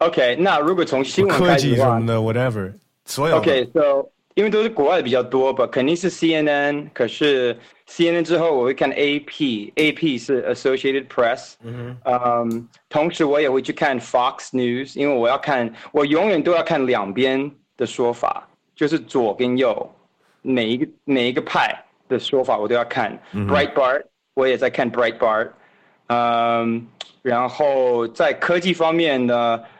OK，那如果從新聞開始話科技的 whatever，所有 OK，s、okay, o 因為都是國外的比較多吧，but, 肯定是 CNN，可是 CNN 之後我會看 AP，AP AP 是 Associated Press，嗯、mm，hmm. um, 同時我也會去看 Fox News，因為我要看，我永遠都要看兩邊的說法，就是左跟右，每一個每一個派的說法我都要看、mm hmm.，Breitbart，r 我也在看 Breitbart，r 嗯，然後在科技方面的。